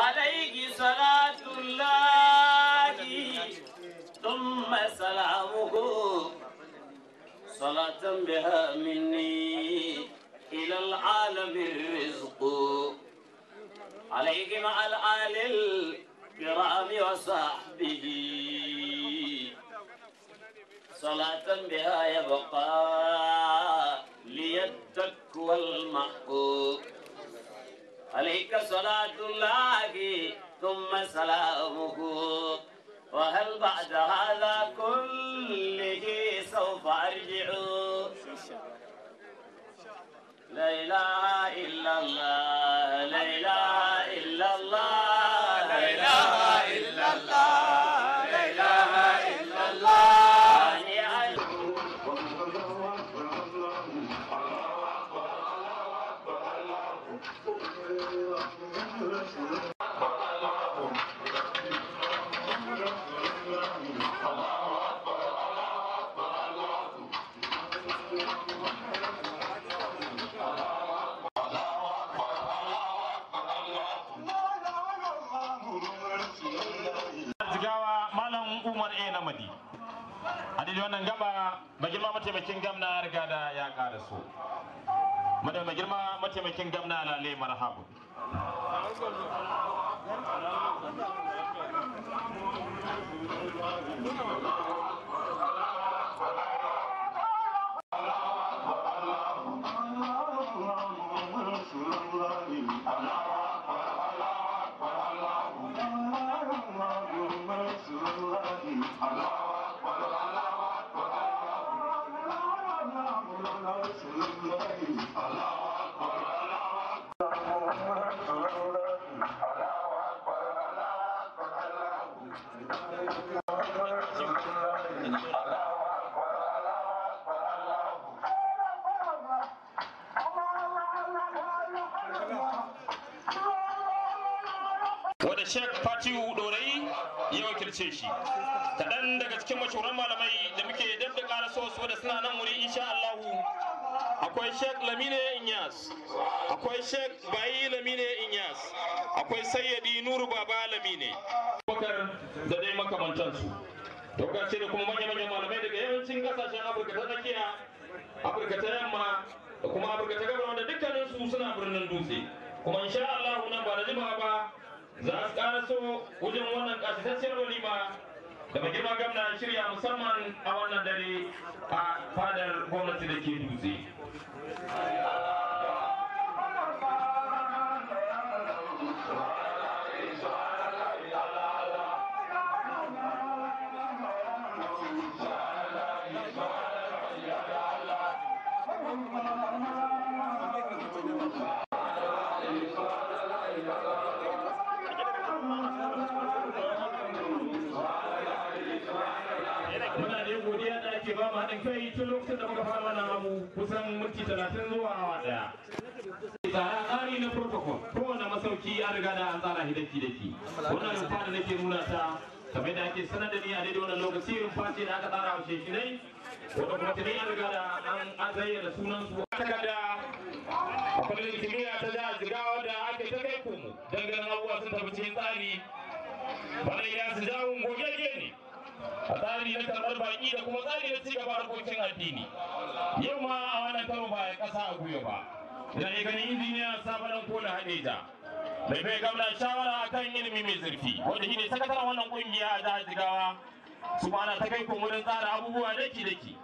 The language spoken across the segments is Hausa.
عليك صلاة الله ثم سلامه صلاة بها مني إلى العالم الرزق عليك مع الآل الكرام وصحبه صلاة بها يبقى لي التكوى عليك صلاة الله ثم سلامه وهل بعد هذا كله سوف أرجع لا إله إلا الله لا إله a na madi a daidai wannan gaba mai girma mataimakin gamna riga da ya kara so madan mai girma mataimakin gamna lale marhabu Thank you. fati dorai ya wakilce shi kaɗan daga cikin mashahuran malamai da muke dab ƙara so su da suna nan wuri insha Allahu akwai sheikh lamine inyas akwai sheikh bayi lamine inyas akwai sayyadi nuru baba lamine bakar da dai su to ga da kuma manya-manyan malamai daga yawancin kasashen afirka ta tsakiya afirka ta yamma da kuma afirka ta gabar wanda dukkaninsu suna birnin dutse kuma insha Allahu nan ba da jimawa ba za su so wajen wannan ƙasashen walima da mai girma gamna shirya musamman a wannan dare a fadar gwamnati da ke dutse. talatin zuwa awa daya tsara tsari na protocol kowane masauki an riga da an tsara hidaki daki wannan rumfa da nake nuna ta kamar da ake sanar da ni a daidai wannan lokaci rumfa ce da aka tsara a wa shekinai wanda kuma tuni an riga da an azayyana sunan su aka da kwallon kimiyya ta jihar jigawa da ake ta kai ku dangane abubuwa sun tafi cikin tsari wannan ya su jawon gogegge ne a tsari na karɓar baƙi da kuma tsari na cigaba harkokin addini yau ma a wannan karo ba ya ƙasa a guyo ba da ne ganin injiniya sabanin kola hadeja Mai bai gamna shawara akan ilimi mai zurfi wanda shi ne sakataren wannan ƙungiya a jihar jigawa su na ta kai wurin tsara abubuwa daki-daki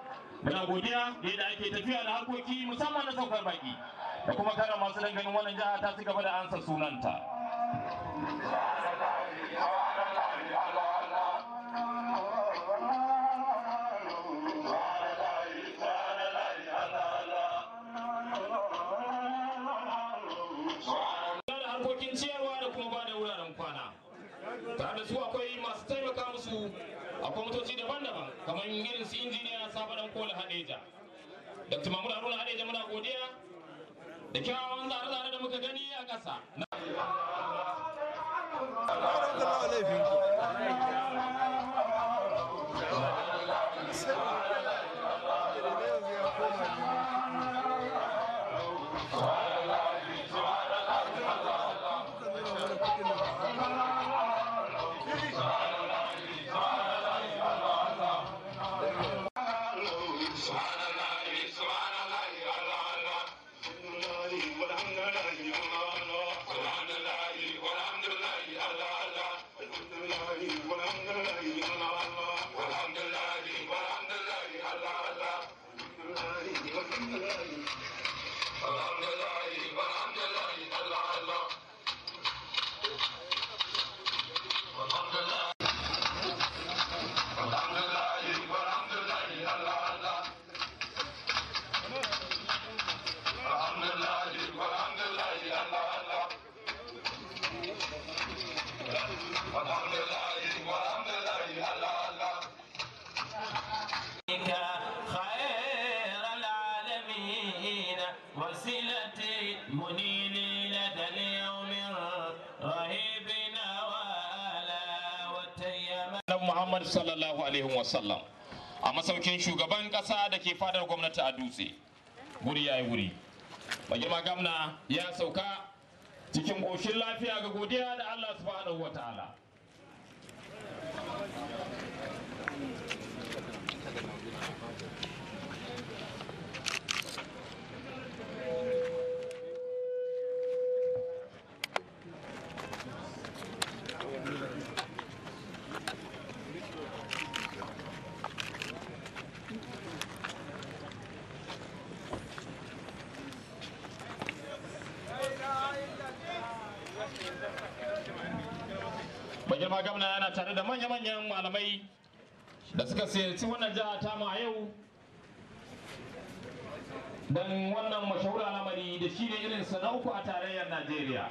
muna godiya da yadda ake tafiya da harkoki musamman na saukar baƙi da kuma kara masu dangane wannan jiha ta ci gaba da ansa sunanta. akwai motoci daban-daban kamar irin su injiniya sabon dan kola hadeja dr mahmud haruna hadeja muna godiya da kyawawan zare-zare da muka gani a ƙasa muhammad sallallahu alaihi wasallam a masaukin shugaban kasa da ke fadar gwamnati a dutse guri ya yi wuri mai gamna ya sauka cikin ƙoshin lafiya ga godiya da allah subhanahu wa ta'ala malamai da suka siyarci wannan jiha tamu a yau don wannan mashahura lamari da shi ne irin na a tarayyar najeriya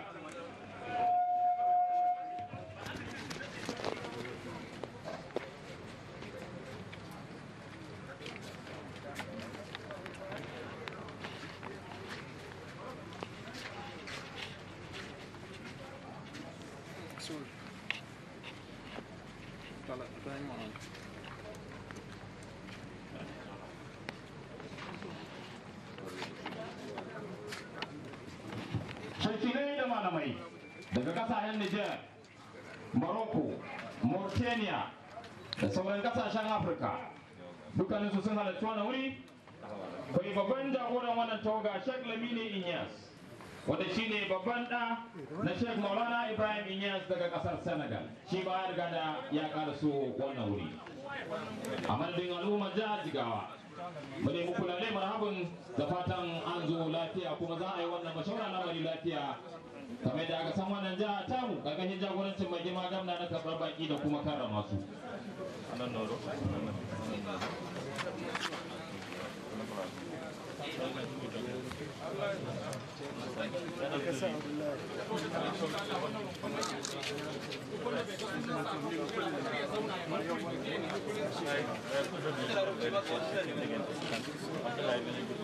Nijar, Morocco, Mauritania da sauran kasashen Afirka dukkaninsu sun halarci wani wuri kai babban jagoran wannan tawaga Sheikh Lamine Inyas wanda shine babban ɗa na Sheikh Maulana Ibrahim Inyas daga ƙasar Senegal shi ba ya riga da ya karaso wannan wuri a madadin al'ummar jihar Jigawa mu ne muku lalle marhabin da fatan an zo lafiya kuma za a yi wannan mashaura na lafiya kamar da aka san wannan jiha tamu ƙarƙashin jagorancin mai girma gamna na karɓar baki da kuma kara masu Thank you.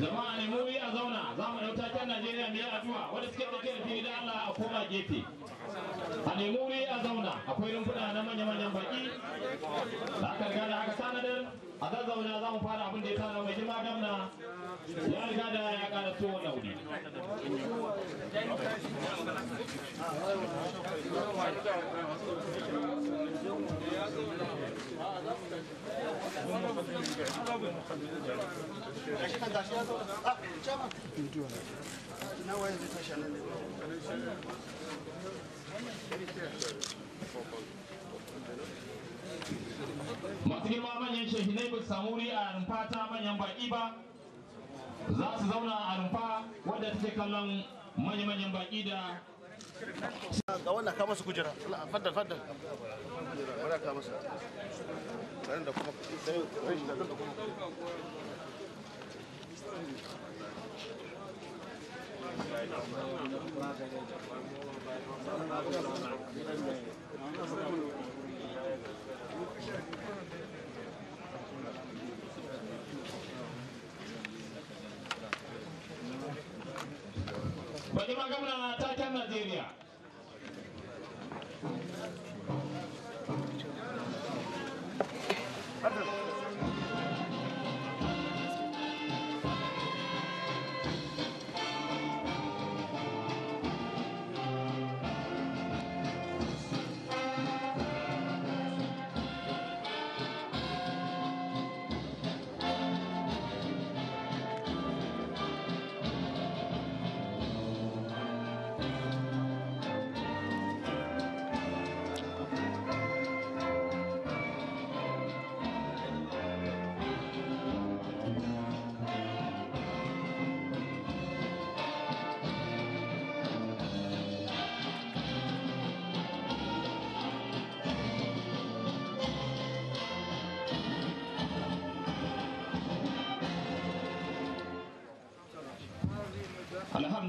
jama'a ne mu a zauna za mu ɗauta ta najeriya mu yi addu'a wanda suke da kira fili da allah a koma gefe a nemi wuri a zauna akwai rumfuna na manya-manyan baki da aka riga da aka sanadar a zazzauna za mu fara abin da ya tana mai jima gamna ya riga da ya kara to wani wuri Thank you. masu girma manyan shehinai ba samu wuri a rumfa ta manyan baki ba za su zauna a rumfa wadda take kallon manya-manyan baki da ga wannan ka masu kujera faddal faddal ka da kuma sai ran da kuma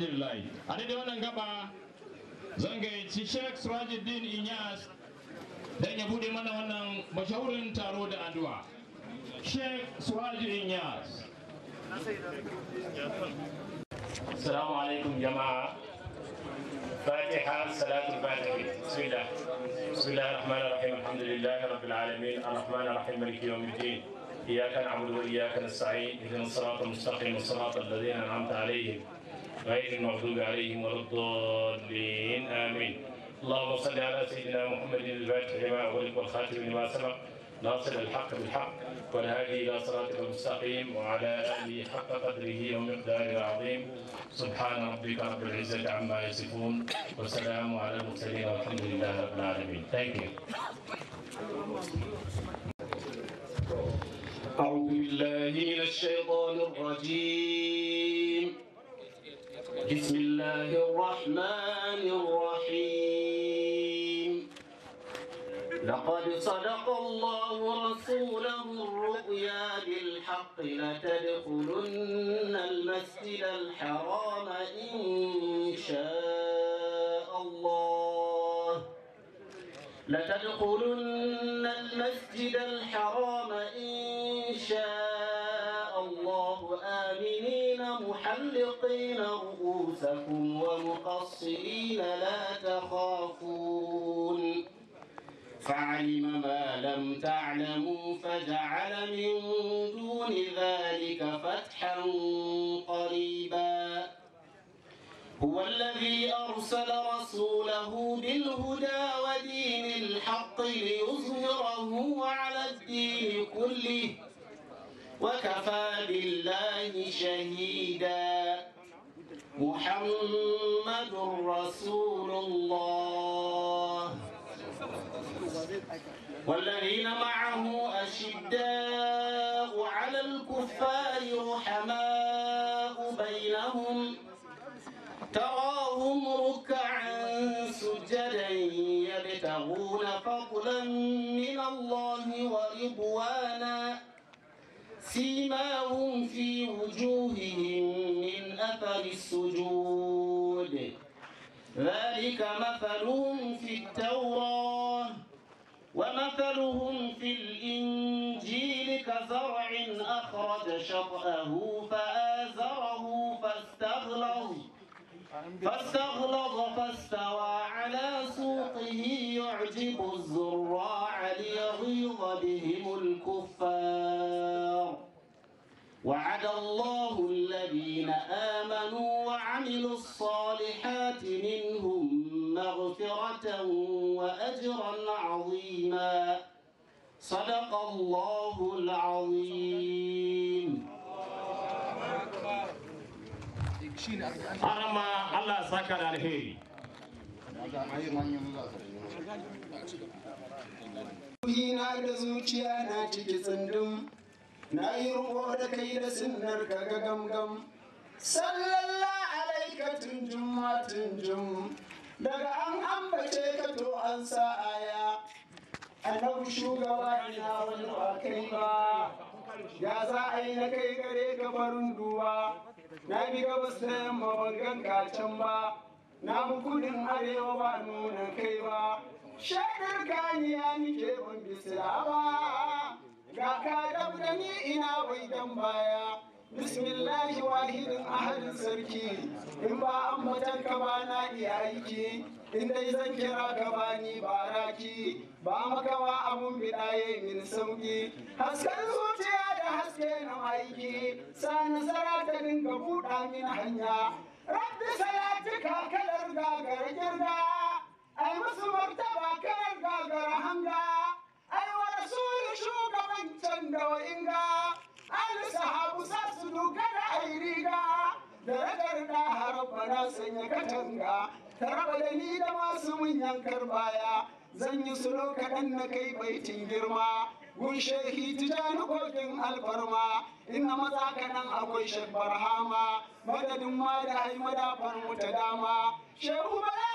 alhamdulillah adai da wannan gaba zan gayyaci Sheikh Sirajuddin Inyas dan ya bude mana wannan mashahurin taro da addu'a Sheikh Sirajuddin Inyas Assalamu alaikum jama'a فاتحة صلاة الفاتحة بسم الله بسم الله الرحمن الرحيم الحمد لله رب العالمين الرحمن الرحيم ملك يوم الدين إياك نعبد وإياك نستعين إذن الصراط المستقيم الصراط الذين أنعمت عليهم غير المغضوب عليهم ولا الضالين آمين اللهم صل على سيدنا محمد الفاتح لما أغلق والخاتم لما سبق ناصر الحق بالحق والهادي إلى صراطك المستقيم وعلى آله حق قدره ومقداره العظيم سبحان ربك رب العزة عما يصفون وسلام على المرسلين والحمد لله رب العالمين Thank you. أعوذ بالله من الشيطان الرجيم بسم الله الرحمن الرحيم لقد صدق الله رسوله الرؤيا بالحق لتدخلن المسجد الحرام إن شاء الله لتدخلن المسجد الحرام إن شاء الله رؤوسكم ومقصرين لا تخافون فعلم ما لم تعلموا فجعل من دون ذلك فتحا قريبا هو الذي أرسل رسوله بالهدى ودين الحق ليظهره على الدين كله وكفى بالله شهيداً محمد رسول الله والذين معه أشداء على الكفار رحماء بينهم تراهم ركعا سجدا يبتغون فضلا من الله ورضوانا سيماهم في وجوههم للسجود ذلك مثلهم في التوراة ومثلهم في الإنجيل كزرع أخرج شطأه فآزره فاستغلظ فاستغلظ فاستوى على سوقه يعجب الزراع ليغيظ بهم الكفار وعد الله الذين آمنوا وعملوا الصالحات منهم مغفرة وأجرا عظيما صدق الله العظيم أرمى الله سكر الهي Ina da zuciya na ciki tsundum na yi ruko da kai da sunnar ka ga gamgam sallallahu alaika tun jumma tun daga an ambace ka to an sa aya annabi shugaba ina wani ba kai ba ya za a yi na kai gare ka farin na bi gabas da yamma ban ganka can ba na bi arewa ba nuna kai ba shakar kaniya nike ban bisa ba ga ka da ni ina bai dan baya bismillahi wahidin ahadin sarki in ba an matan ka ba na iya aiki in dai zan kira ka ba ni baraki ba makawa abun bidaye min sauki hasken zuciya da haske na aiki sa nasara ta dinga buɗa min hanya rabbi cika kalar gagara girga ai musu martaba kalar gagar hanga shugabancin da wa'inga alisahabu za su dogara a yi riga da ragar da na sanya katanga ta raba da ni da masu munyan baya zan yi sulo kaɗan na kai baitin girma gun shehi tijani kogin alfarma ina maza kaɗan akwai shek hama madadin ma da haimada farmu ta dama shehu bala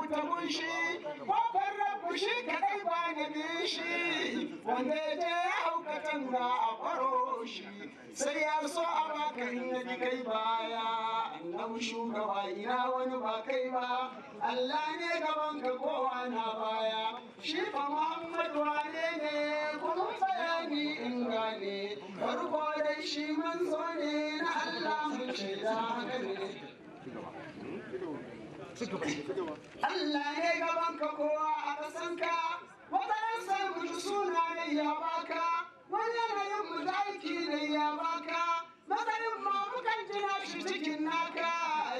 mu kofar rabu shi kai ba na nishi wanda ya je ya hauka a faro shi sai ya so a baka in ya kai baya annabi shugaba ina wani ba kai ba Allah ne gaban ka kowa na baya shi fa Muhammadu wane ne kuma bayani in gane farko dai shi manzo ne na Allah mun shaida haka ne Allah ne gaban ka kowa a ƙasan ka wataran sai ku ji suna ne ya baka wani yanayin mu da aiki ne ya baka matsayin ma mukan jina shi cikin naka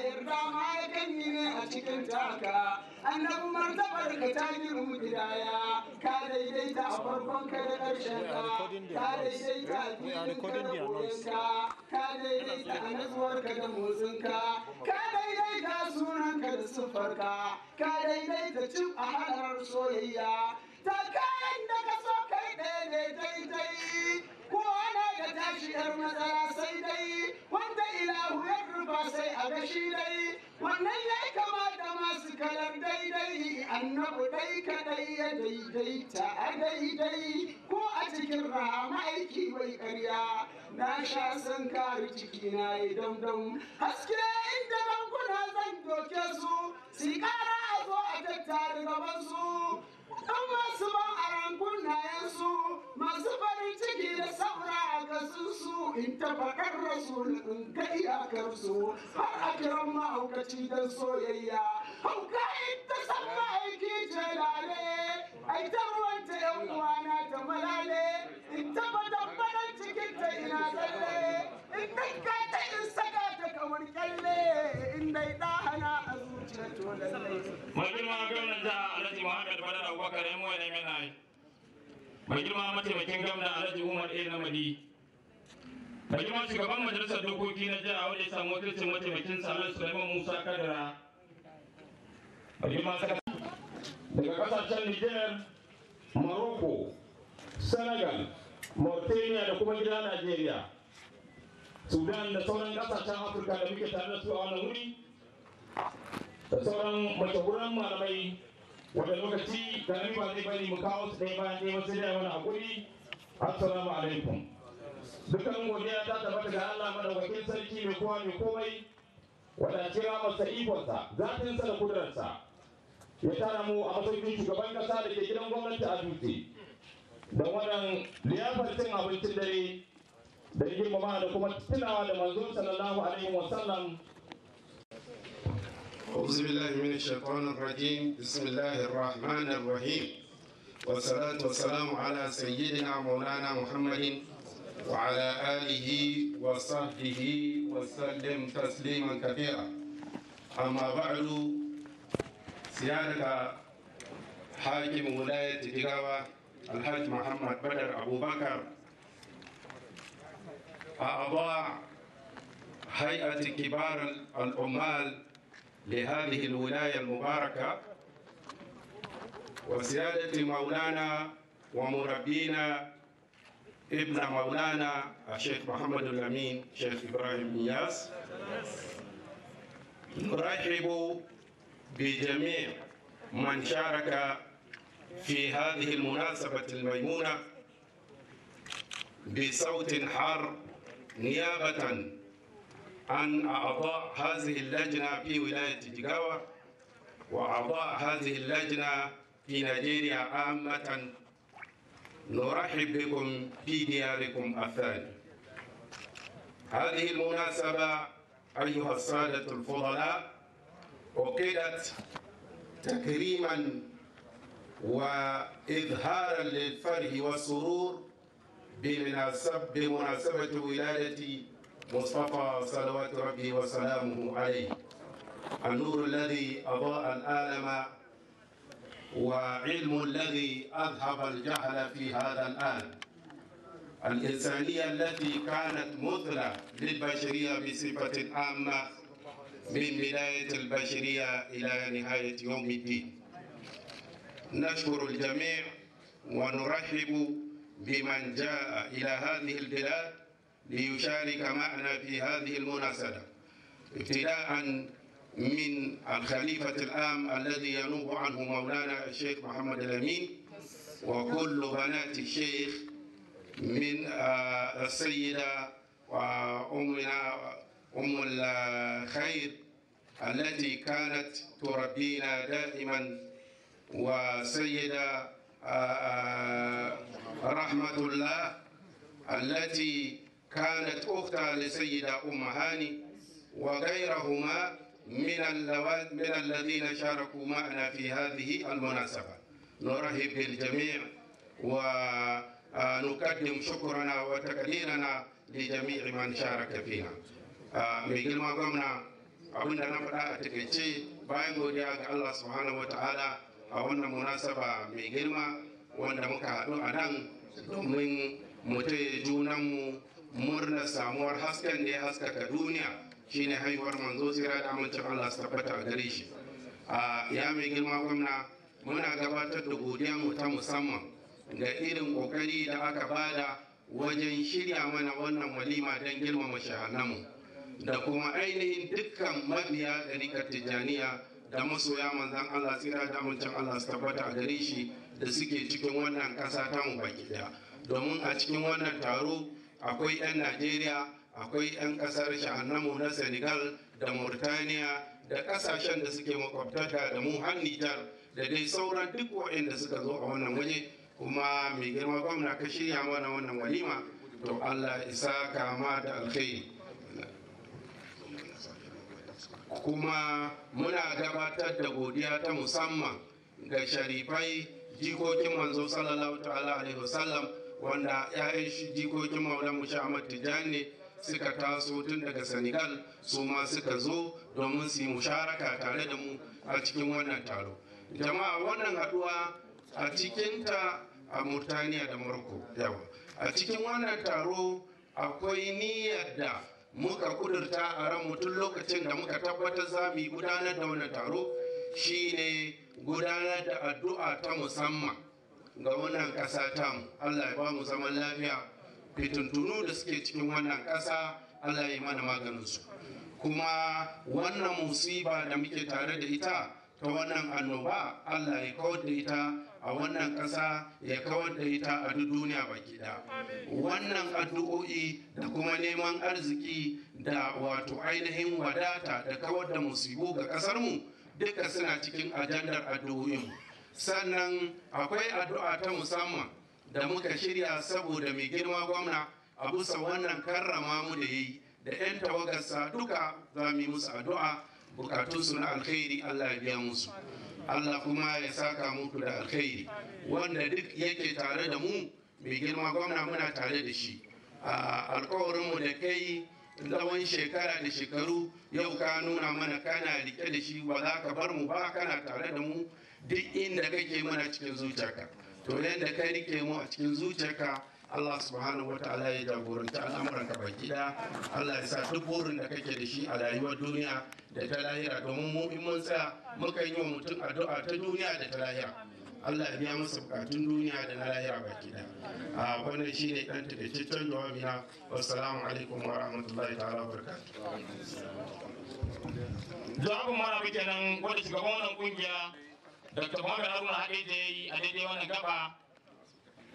yarda ma ya kanyi ne a cikin taka annabi martabar ka ta girmu gidaya ka daidaita a farkon ka da ƙarshen ka ka daidaita a cikin ka da ka ka daidaita a nutsuwar ka da motsin ka ka daidaita kira sunanka da siffarka ka daidaita cin a halarar soyayya ta kayan da ka so kai ɗaya ne daidai ko ana ga tashi yar matsala sai dai wanda ilahu ya rufa sai a gashi dai wannan ya kama da masu kalar daidai annabu dai kadai ya daidaita a daidai ko a cikin raha, ma'aiki bai karya na sha san kari ciki na yi damdam haske inda bankuna zan doke su sikara a zo a tattare gaban su Ɗan masu ma'aran yansu masu farin ciki da saura a gasinsu in tafakar rasu in ga iyakarsu har a kiran mahaukaci don soyayya. Hauka in ta san ma'aiki ce lale, ai ta ruwanta ‘yan uwana ta malale, in taba farin cikin ta ina zalle, in kanka ta in saka ta kamar kyalle, in dai ɗahana a zuciya to lallai. mana abubakar ya muwa neman na mai girma mataimakin gamna alhaji umar a na madi mai girma shugaban majalisar dokoki na jiha wanda ya samu wakilcin mataimakin salon suleiman musa kadara mai girma daga kasashen niger morocco senegal mauritania da kuma gida nigeria sudan da sauran kasashen afirka da muke tare da su a wannan wuri da sauran mashahuran malamai wanda lokaci da ba zai bari mu kawo su ɗaya bayan ɗaya sai dai mana hakuri assalamu alaikum dukkan godiya ta tabbata ga Allah madaukakin sarki mai kowa mai komai wanda kira masa ikonsa sa da kudurarsa ya tara mu a matsayin shugaban kasa da ke gidan gwamnati a dutse da wannan liyafar cin abincin dare da girmama da kuma tunawa da manzon sallallahu alaihi wasallam أعوذ بالله من الشيطان الرجيم بسم الله الرحمن الرحيم والصلاة والسلام على سيدنا مولانا محمد وعلى آله وصحبه وسلم تسليما كثيرا أما بعد سيادة حاكم ولاية جراوة الحاج محمد بدر أبو بكر أعضاء هيئة كبار العمال لهذه الولاية المباركة وسيادة مولانا ومربينا ابن مولانا الشيخ محمد الأمين شيخ إبراهيم نياس نرحب بجميع من شارك في هذه المناسبة الميمونة بصوت حار نيابة عن أعضاء هذه اللجنة في ولاية جيجاوا وأعضاء هذه اللجنة في نيجيريا عامة نرحب بكم في دياركم الثاني هذه المناسبة أيها السادة الفضلاء عقدت تكريما وإظهارا للفرح والسرور بمناسبة, ولادتي مصطفى صلوات ربي وسلامه عليه النور الذي أضاء الآلم وعلم الذي أذهب الجهل في هذا الآن الإنسانية التي كانت مثلى للبشرية بصفة عامة من بداية البشرية إلى نهاية يوم الدين نشكر الجميع ونرحب بمن جاء إلى هذه البلاد ليشارك معنا في هذه المناسبة ابتداء من الخليفة العام الذي ينوب عنه مولانا الشيخ محمد الأمين وكل بنات الشيخ من آه، السيدة وأمنا أم الخير التي كانت تربينا دائما وسيدة آه، آه، رحمة الله التي كانت أختا لسيدة أم هاني وغيرهما من من الذين شاركوا معنا في هذه المناسبة نرحب بالجميع ونقدم آه، شكرنا وتقديرنا لجميع من شارك فينا آه، ميجل ما قمنا أبنى نفرا أتكتشي باين بودياك الله سبحانه وتعالى أولنا مناسبة ميجل ما وأنا مكادو أدن دومين متي جونامو murnar samuwar hasken da ya haskaka duniya shine haihuwar manzo sira da amincin Allah su tabbata a gare shi ya mai girma gwamna muna gabatar da godiya mu ta musamman ga irin kokari da aka bada wajen shirya mana wannan walima don girmama shahannamu da kuma ainihin dukkan mabiya da rikar tijjaniya da masoya manzan Allah tsira da amincin Allah su tabbata a gare shi da suke cikin wannan ƙasa ta mu baki domin a cikin wannan taro akwai 'yan najeriya akwai 'yan kasar shahannamu na senegal da murtaniya da kasashen da suke makwabtaka da mu har nijar da dai sauran duk waɗanda suka zo a wannan waje kuma mai girma gwamna ka shirya mana wannan walima to allah isa kama da alkhairi kuma muna gabatar da godiya ta musamman ga sharifai jikokin manzo sallallahu ta'ala alaihi wasallam wanda 'ya'yan shi jikokin maulan mu Ahmad Tijjani suka taso tun daga Senegal su ma suka zo domin su yi musharaka tare da mu a cikin wannan taro jama'a wannan haduwa a cikinta a Murtaniya da Morocco yawa a cikin wannan taro akwai niyyar da muka kudurta a ran tun lokacin da muka tabbatar za mu yi gudanar da wannan taro shine gudanar da addu'a ta musamman ga wannan ƙasa tam Allah ya ba mu zaman lafiya fitintunu da suke cikin wannan ƙasa Allah ya yi mana maganinsu kuma wannan musiba da muke tare da ita ta wannan annoba Allah ya kawar da ita a wannan ƙasa ya kawar da ita a duk duniya baki da wannan addu'o'i da kuma neman arziki da wato ainihin wadata da kawar da musibu ga ƙasarmu duka suna cikin ajandar addu'o'inmu sannan akwai addu'a ta musamman da muka shirya saboda mai girma gwamna a busa wannan karrama mu da yi, da 'yan tawagarsa duka za mu yi musu addu'a bukatunsu na alkhairi Allah ya biya musu Allah kuma ya saka muku da alkhairi wanda duk yake tare da mu mai girma gwamna muna tare da shi alkawarinmu da kai tsawon shekara da shekaru yau ka nuna mana kana rike da shi ba za ka bar mu ba kana tare da mu duk inda kake mana cikin zuciyarka to yadda ka rike mu a cikin zuciyarka Allah subhanahu wa ta'ala ya jagoranci al'amuran ka baki da Allah ya sa duk burin da kake da shi a rayuwar duniya da ta lahira domin mu in mun sa muka yi wa mutum addu'a ta duniya da ta lahira Allah ya biya masa bukatun duniya da na lahira baki da a wannan shine dan takaitaccen jawabi na assalamu alaikum wa rahmatullahi ta'ala wa barakatuh jawabin mara kenan wanda shugaban wannan kungiya dr morgan haruna hadeja ya yi a daidai wannan gaba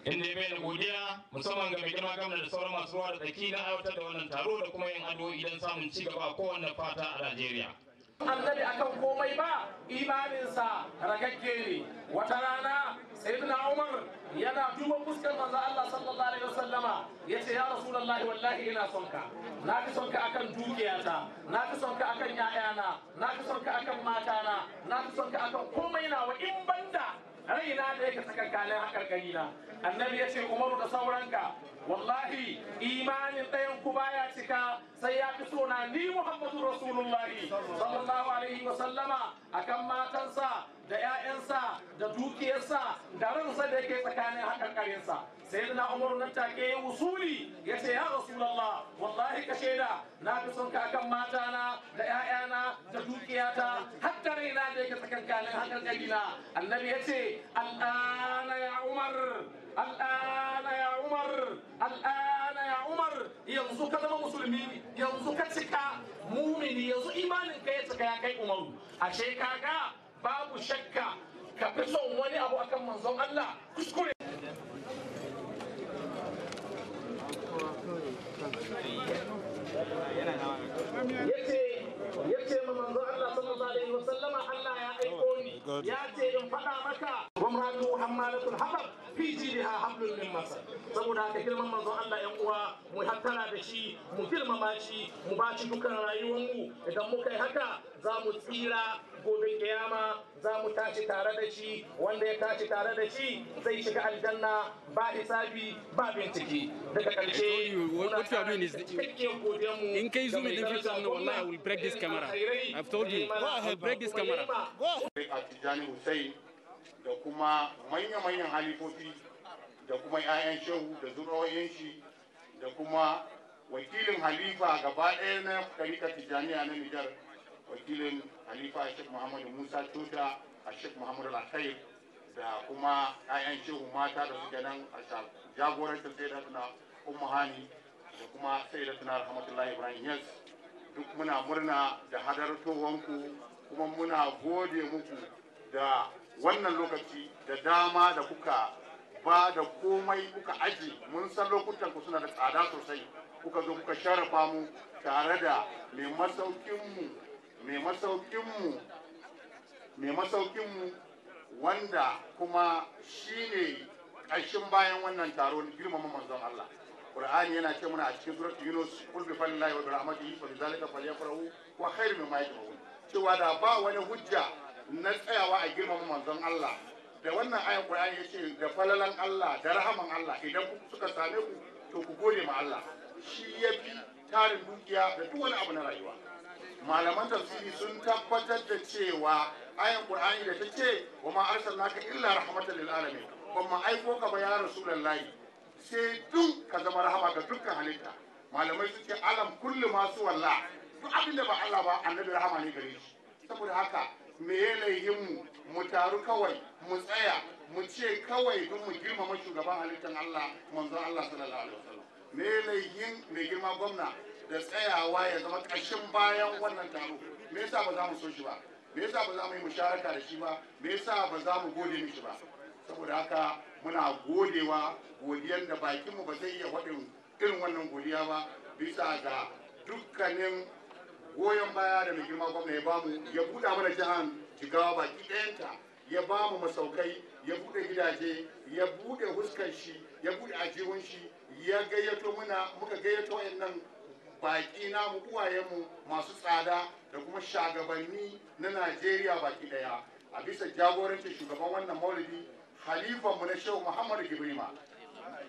inda ya bayyana godiya musamman ga mai girma gamar da sauran masu ruwa da tsaki na aiwatar da wannan taro da kuma yin ado idan samun ci gaba kowane fata a najeriya annabi akan komai ba imaninsa ragagge ne wata rana sayyidina umar yana duba fuskar manzo Allah sallallahu alaihi wasallama yace ya rasulullahi wallahi ina son ka na fi son ka akan dukiyata na fi son ka akan yayana na fi son ka akan matana na fi son ka akan komai na wa in banda ina da yake tsakankanin hakarkari na annabi ya ce umaru da sauranka wallahi imanin ɗayan ku ya cika sai ya fi so na ni muhammadu rasulullahi sallallahu alaihi wa sallama akan matansa da 'ya'yansa da dukiyarsa da ransa da yake tsakanin hakarkarinsa sayyidina umar nan take ya usuli ya ce ya rasulallah wallahi ka shaida na fi son ka akan matana da ƴaƴana da dukiyata har da raina da yake tsakankanin hakan kalina annabi ya ce al'ana ya umar al'ana ya umar al'ana ya umar yanzu ka zama musulmi yanzu ka cika mumini yanzu imanin ka ya cika ya kai umaru ashe kaga babu shakka ka fi son wani abu akan manzon Allah kuskure yace yace ma manzo Allah sallallahu alaihi wasallama Allah ya aiko ni oh yace in faɗa maka wa muhammadu habab fi a hablun min masa saboda haka girman manzon Allah yan uwa mu hattara da shi mu girmama shi mu ba shi dukkan mu idan muka yi haka za mu tsira gobe kiyama za mu tashi tare da shi wanda ya tashi tare da shi zai shiga aljanna ba hisabi ba bincike daga karshe what you are doing is in case you make this no wallahi i will break this camera i've told you go ahead break this camera go ahead Hussein da kuma manya-manyan halifofi da kuma 'ya'yan shehu da zura'o'in shi da kuma wakilin halifa gaba ɗaya na karika tijjaniya na nijar wakilin halifa shek muhammadu musa tuta a shek muhammadu lakai da kuma 'ya'yan shehu mata da suke nan a jagorantar sai da suna ummahani da kuma sai da suna rahmatullahi ibrahim yes duk muna murna da hadar tohonku kuma muna gode muku da wannan lokaci da dama da kuka ba da komai kuka aji mun san lokutan ku suna da tsada sosai kuka zo kuka sharafa mu tare da mai masaukin mai masaukinmu wanda kuma shine ƙarshen bayan wannan taro girmama manzon Allah Qur'ani yana ce mana a cikin surat Yunus kul bi fadlillahi wa bi rahmatihi fa bi zalika falyafrahu wa khairu mimma yajma'un cewa da ba wani hujja na tsayawa a girmama manzon Allah da wannan ayan Qur'ani yace da falalan Allah da rahaman Allah idan ku suka same ku to ku gode ma Allah shi ya fi tarin dukiya da duk wani abu na rayuwa malaman tafsiri sun tabbatar da cewa ayan Qur'ani da take wa ma arsalnaka illa rahmatan lil alamin kuma aiko ka ba ya rasulullahi sai dun ka zama rahama ga dukkan halitta malamai suke alam kullu masu walla duk abin da ba Allah ba annabi rahama ne gare shi saboda haka me laihinmu mu taru kawai mu tsaya mu ce kawai don mu girmama shugaban halittar Allah manzon Allah sallallahu alaihi wasallam me laihin mai girma gwamna da tsayawa ya zama ƙashin bayan wannan taro me yasa ba za mu so shi ba me yasa ba za mu yi musharaka da shi ba me yasa ba za mu gode mishi ba saboda haka muna godewa godiyar da bakinmu ba zai iya waɗin irin wannan godiya ba bisa ga dukkanin goyon baya da mai girma gwamna ya bamu ya buɗa mana jihar jigawa baki ɗayanta ya bamu masaukai ya buɗe gidaje ya buɗe huskar shi ya buɗe ajiyun shi ya gayyato muna muka gayyato wayannan baƙi namu mu masu tsada da kuma shagabanni na najeriya baki ɗaya a bisa jagorancin shugaban wannan maulidi halifanmu na shehu muhammadu gibrima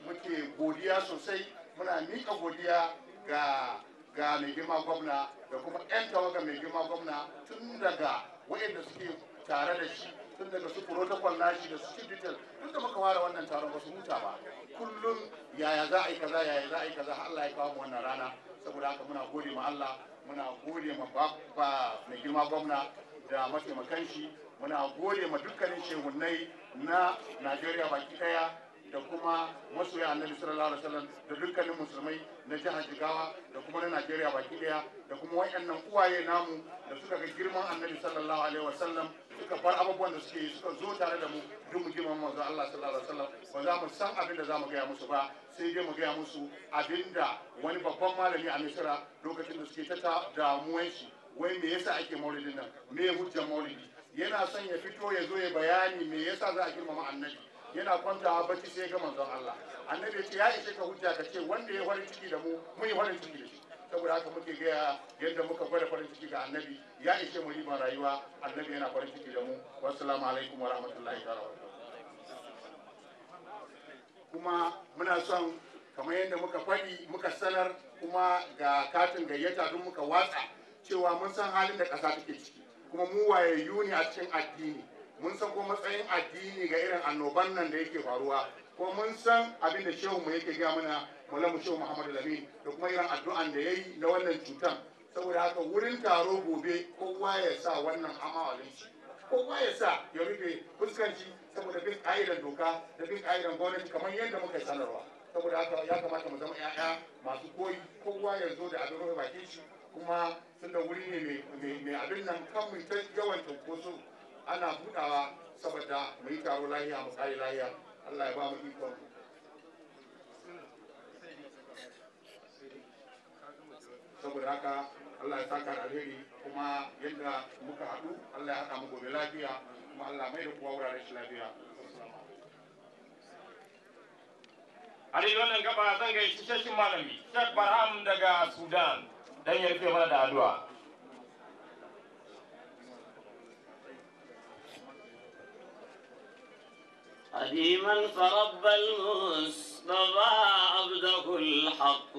muke godiya sosai muna mika godiya ga ga mai girma gwamna da kuma 'yan tawaga mai girma gwamna tun daga waɗanda suke tare da shi tun daga su protocol nashi da su digital tun da muka fara wannan taron ba su huta ba kullum yaya za a yi kaza yaya za a yi kaza Allah ya kawo mu wannan rana saboda haka muna gode ma Allah muna gode ma babba mai girma gwamna da mataimakan shi muna gode ma dukkanin shehunnai na Najeriya baki daya da kuma masoya annabi sallallahu alaihi wasallam da dukkanin musulmai na jihar jigawa da kuma na najeriya baki daya da kuma wayannan uwaye namu da suka ga girman annabi sallallahu alaihi wasallam suka bar abubuwan da suke yi suka zo tare da mu duk mu girman manzo Allah sallallahu alaihi wasallam ba za mu san abin da za mu gaya musu ba sai dai mu gaya musu abinda da wani babban malami a misira lokacin da suke ta damuwan shi wai me yasa ake maulidin nan me hujjar maulidi yana son ya fito ya zo ya bayani me yasa za a girmama annabi yana kwanta bacci sai ga manzon Allah annabi ce ya ishe ka hujja ka ce wanda ya farin ciki da mu mun yi farin ciki da shi saboda haka muke gaya yadda muka gwada farin ciki ga annabi ya ishe mu riban rayuwa annabi yana farin ciki da mu wassalamu alaikum wa rahmatullahi ta'ala kuma muna son kamar yadda muka faɗi muka sanar kuma ga katin gayyata don muka watsa cewa mun san halin da ƙasa take ciki kuma mu wayayyu ne a cikin addini mun san ko matsayin addini ga irin annoban nan da yake faruwa ko mun san abin da shehu mu yake gaya mana malamu shehu muhammadu lami da kuma irin addu'an da ya yi na wannan cutan saboda haka wurin taro gobe kowa ya sa wannan amawalin shi kowa ya sa ya rufe fuskanci saboda bin ƙa'idar doka da bin ƙa'idar gwamnati kamar yadda muka sanarwa saboda haka ya kamata mu zama 'ya'ya masu koyi kowa ya zo da abin rufe bakin shi kuma tunda wuri ne mai abin nan kan mu ta yawan cunkoso ana budawa saboda mu yi taro lahiya mu kare lahiya Allah ya ba mu ikon saboda haka Allah ya saka alheri kuma yadda muka haɗu Allah ya haɗa mu gobe lafiya kuma Allah mai da kowa wuraren shi lafiya a dai wannan gaba zan gaishe shi malami Sheikh Barham daga Sudan dan ya rufe mana da addu'a قديما فرب المصطفى عبده الحق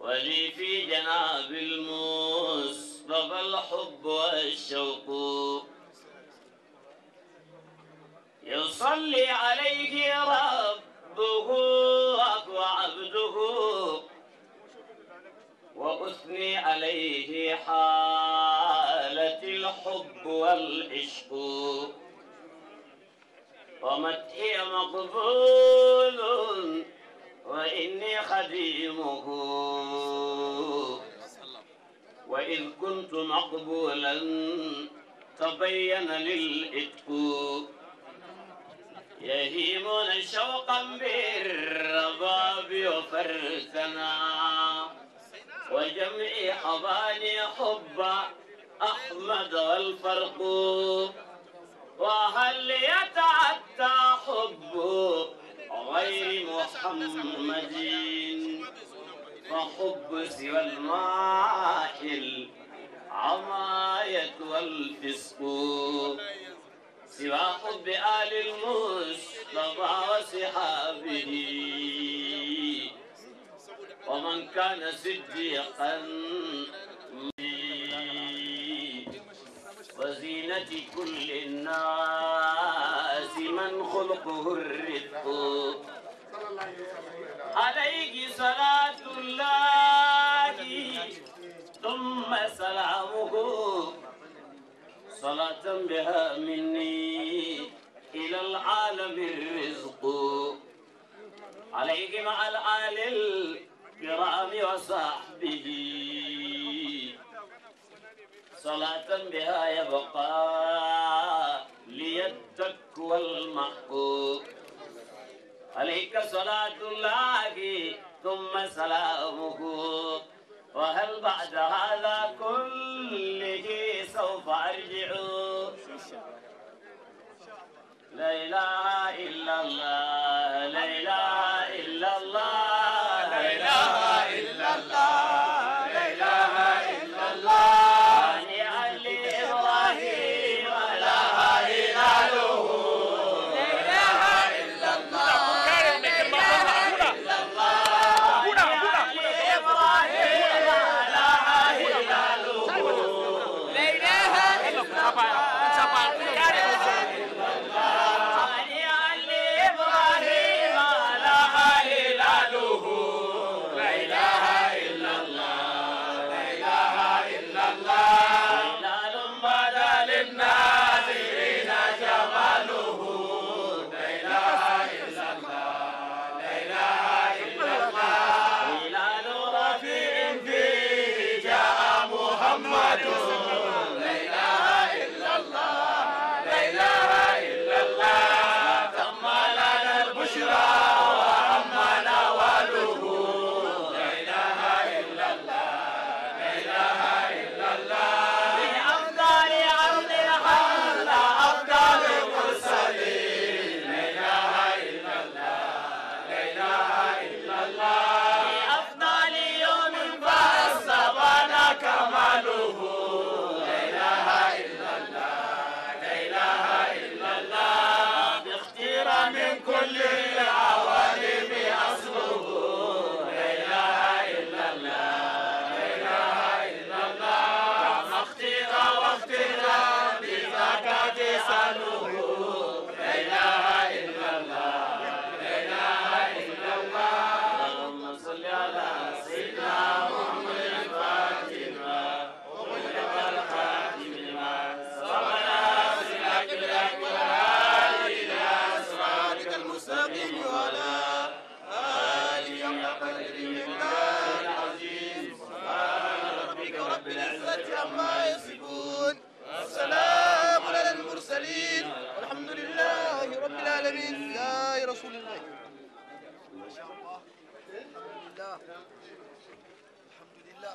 ولي في جناب المصطفى الحب والشوق يصلي عليه ربه وعبده وأثني عليه حال الحب والعشق ومتى مقبول وإني خديمه وإذ كنت مقبولا تبين للإتق يهيمون شوقا بالرباب وفرسنا وجمعي حضاني حبا أحمد والفرق وهل يتأتى حب غير محمد فحب سوى الماحل عماية والفسق سوى حب آل المصطفى وصحابه ومن كان صديقا وزينة كل الناس من خلقه الرفق عليك صلاة الله ثم سلامه صلاة بها مني إلى العالم الرزق عليك مع الآل الكرام وصحبه صلاة بها يبقى ليتك المحبوب عليك صلاة الله ثم سلامه وهل بعد هذا كله سوف أرجع لا إله إلا الله لا إله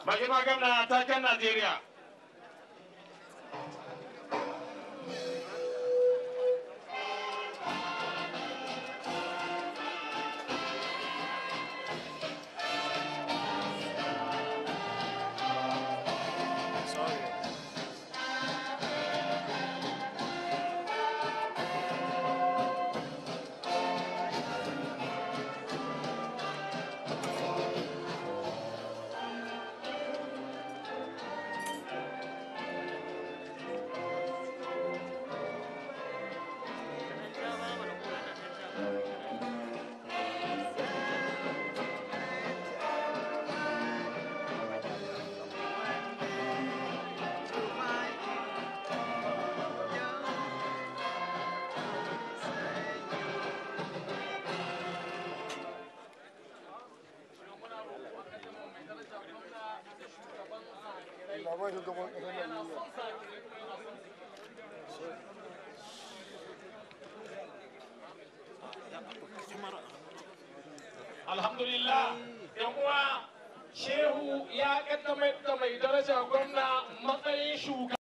mai girma gamna taken najeriya sabon Alhamdulillah, ‘yan Shehu ya ƙaddamar da mai daraja